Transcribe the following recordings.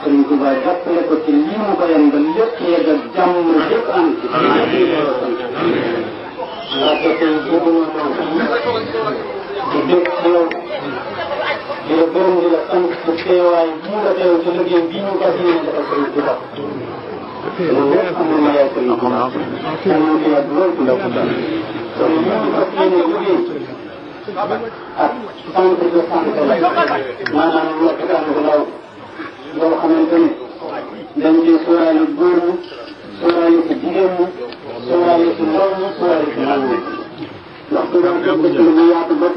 Sëriñ Tuba jàppale ko ci lii mu bayam ba lépp yegg ak jàmm lépp am ci ndax tey jéem a taw fii di dégg ci yow di la gërëm di la sant ci teewaay bii nga teew ci liggéey bii ñu fas yéene defal Sëriñ Tuba loolu lépp amul ma yaay Sëriñ Tuba te mu ngi yàgg lool ci ndaw ko daal kon lii di fas yéene liggéey ak centre de santé la maanaam nekk daal ko ndaw dañu dee sóoraale góor ñi sóoraale ko jigéen ñi sóoraale ko ndaw ñi sóoraale ko mag ñi ndax ku doon xam dëkk bu yaatu ba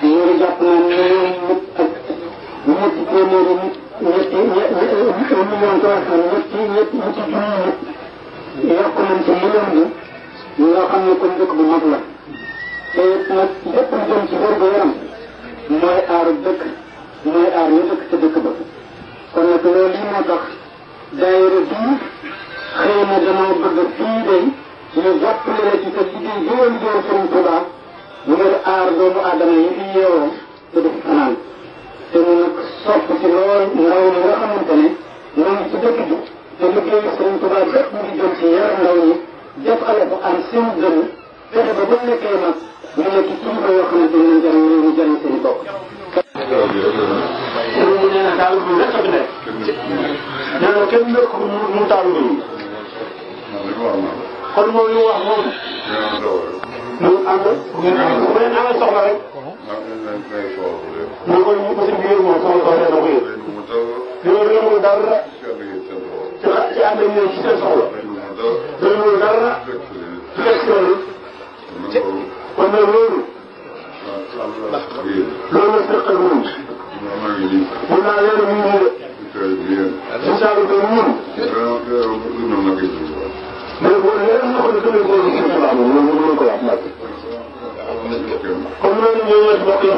loolu jàpp naa ne nit ak ñetti téeméeri nit ñetti million trois cent ñetti ñetti ñetti junni nit yor ko nañ si million bi loo xam ne kon dëkk bu mag la te it nag lépp lu jëm ci wér-gu-yaram mooy aaru dëkk mooy aar ñu dëkk ca dëkk ba kon nag loolu lii moo tax daayira bii xëy na damaa bëgg fii day ñu jàppale la ci sa liggéey bi ngeen jël Sëriñ Tuubaa ngir aar doomu aadama yi fi yeewoo te def fanaan te ñu nag sopp ci lool ndaw ñi nga xamante ne ñoom ci te liggéey Sëriñ Tuubaa bépp mu ngi jëm ci yar ndaw ñi def ale ko am seen dënn fexe ba bu nekkee mag ñu nekk kilifa yoo xamante sëriñ bi nee na taalu bi rek a fi nekk. nee na kenn nekk mu taalu bi. kon moom li mu wax moom. ñun ànd. bu ngeen amee soxla rek. ñu koy mosu biir moom sama soxla na ko yëg. loolu yëngu dara. ci xa ci ànd ak ñoom ci seen soxla. loolu yëngu dara. ci fekk loolu. kon nag loolu. loolu fekk ak ñun. mun naa leen a mën a. si saa yu bëri ñun. mais boo leen ñu ko defee ko woon si suñu baax moom loolu mënuñ ko wax nag. comme loolu ñoo ñëw si mbokk yi.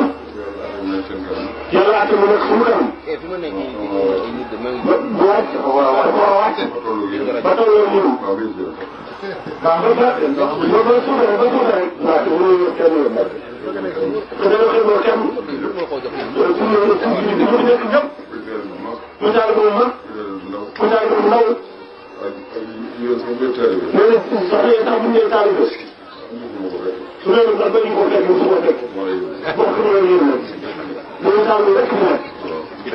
yàlla àtte mu nekk suñu kanam. ba wàcc. waaw wàcc. ba tolloo ñun. waaw ba ba suuf rek ba suuf rek. waaw te mënuñ kenn te dana xëy loolu kenn. loolu bu ñu doon tuuti ñu doon nekk ñëpp. mu jaaree ba mu mag. mu jaaree ba mu ndaw. nee na sax yooyu sax bu ñu nee taalibe. su dee nag bëri ñu ko fekk su ko fekk. bokk ci loolu yéen nag. loolu taalibe rek mu nekk.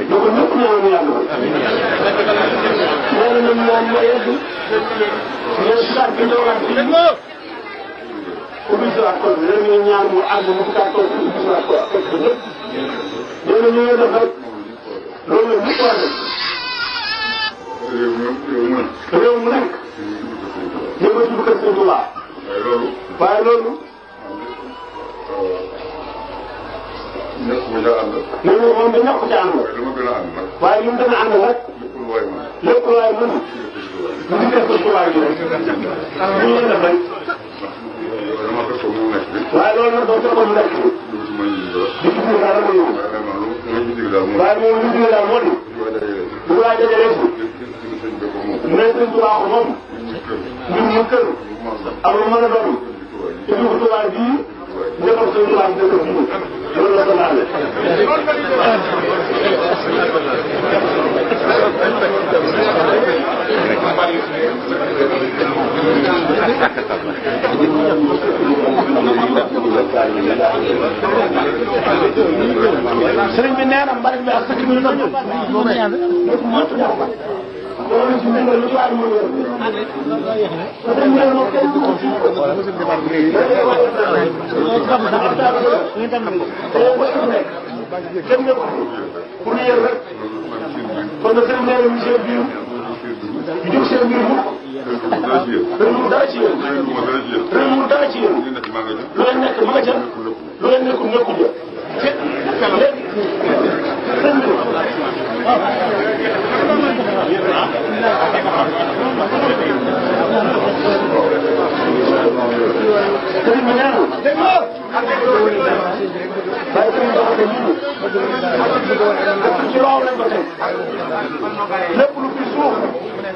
donc ñëpp ñëwoon na yàlla. nee na ñoom ñoom ñoo yegg. nee na si saa bi ñëwaat fii. ubbiwaat tool bi léegi nag ñaan mu àgg mu ubbiwaat tool bi ubbiwaat tool bi ba ñëpp. nee na ñu ngi def rek loolu la ñëpp war a def. réew mi réew mi. réew mu nekk. ñu ngi jublu kër Sëñ Tuubaa. waaye loolu. waaye loolu. ñàkk bu ca ànd. nee na moom de ñàkk ca ànd. waaye dama gën a ànd nag. waaye li mu gën a ànd nag. lépp lu waay mën. lépp lu waay mën. ñu ngi kër Sëñ Tuubaa gi rek. ñu ngi def rek. moom li mu jógee daal moo di. bu waay dajalee si. mais sëñ Tuubaa ko moom. ñun ñu kër. ak lu mën a doon. te du ko Tuubaa bii. njëkkal sëñ Tuubaa bi dëkk bii. loolu la ko laale. sëriñ bi nee na mbalit bi ak sëriñ bi la ñu. kon sëriñ bi nee na monsieur Biou.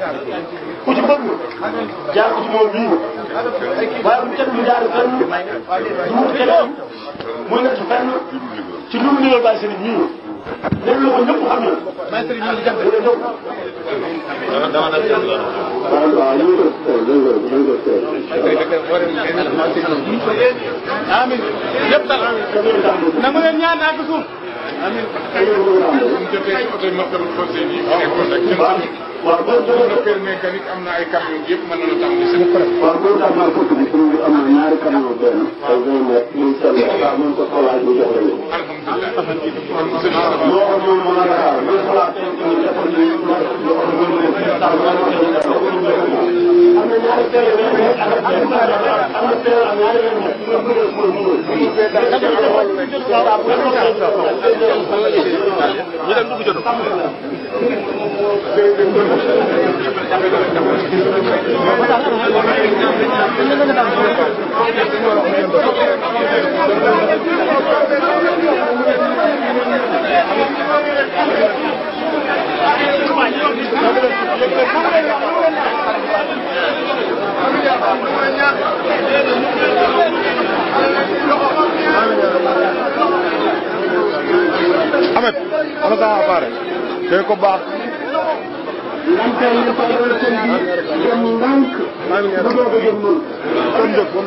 ku ci bëgg jaar ko ci moom mii waaye bu kenn du jaar fenn du wut keneen muy nekk fenn ci lu mu niral Baye Serigne mii léegi la ko ñëpp xam ne. maa ngi sëriñ ñu ngi jant rek ñëpp. dama dama def jant la. waaw waaw ñu ngi ko teel ñu ngi ko ñu ngi ko teel. amiin yëpp sax amiin. na ma leen ñaan ak suuf. amiin. waaw boo boo docteur mécanique am na ay camion yëpp mën na la tàmbali seen. waaw boo tàmbali ko bi suñu am na ñaari camion benn. waaw te day nekk muy sell. waaw mën ko xoolaat ñu jox la ñu. alhamdulilah alhamdulilah. moo ko moom mën a raar bu ñu xoolaatee ñu defal ñu loo xam ne moom lañ tax mën a am na ñaari télé am na télé am ñaari benn benn benn benn benn benn benn benn Ahmed, ano ka pare? tey ko baax. lantaa yi dafa doon seen bi dem ndànk ba doog a jëm noonu. kon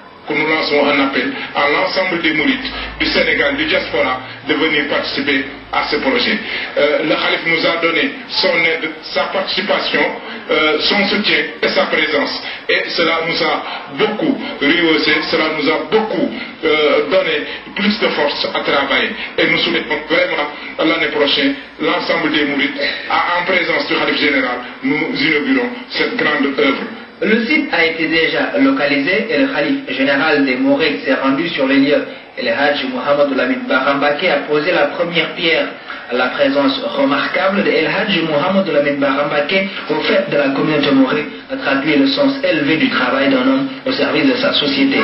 que nous lançons un appel à l'ensemble des mourites du Sénégal, du diaspora, de venir participer à ce projet. Euh, le Khalif nous a donné son aide, sa participation, euh, son soutien et sa présence. Et cela nous a beaucoup rehaussé, cela nous a beaucoup euh, donné plus de force à travailler. Et nous souhaitons vraiment l'année prochaine, l'ensemble des mourites, en présence du Khalif général, nous inaugurons cette grande œuvre Le site a été déjà localisé et le calife général des Mourides s'est rendu sur les lieux. Et le Hajj Mohamed Lamid a posé la première pierre. La présence remarquable de El Hajj Mohamed Lamid Barambake au fait de la communauté mouride a traduit le sens élevé du travail d'un homme au service de sa société.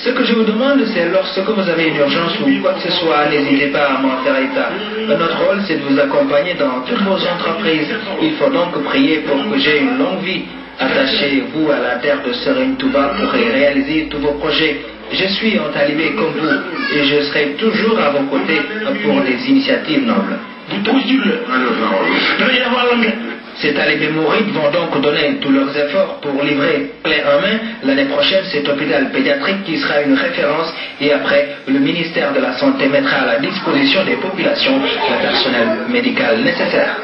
Ce que je vous demande, c'est lorsque vous avez une urgence ou quoi que ce soit, n'hésitez pas à m'en faire état. Notre rôle, c'est de vous accompagner dans toutes vos entreprises. Il faut donc prier pour que j'ai une longue vie. Attachez-vous à la terre de Serine Touba pour y réaliser tous vos projets. Je suis un talibé comme vous et je serai toujours à vos côtés pour des initiatives nobles. Ces talibés mourides vont donc donner tous leurs efforts pour livrer clé en l'année prochaine cet hôpital pédiatrique qui sera une référence et après le ministère de la Santé mettra à la disposition des populations le personnel médical nécessaire.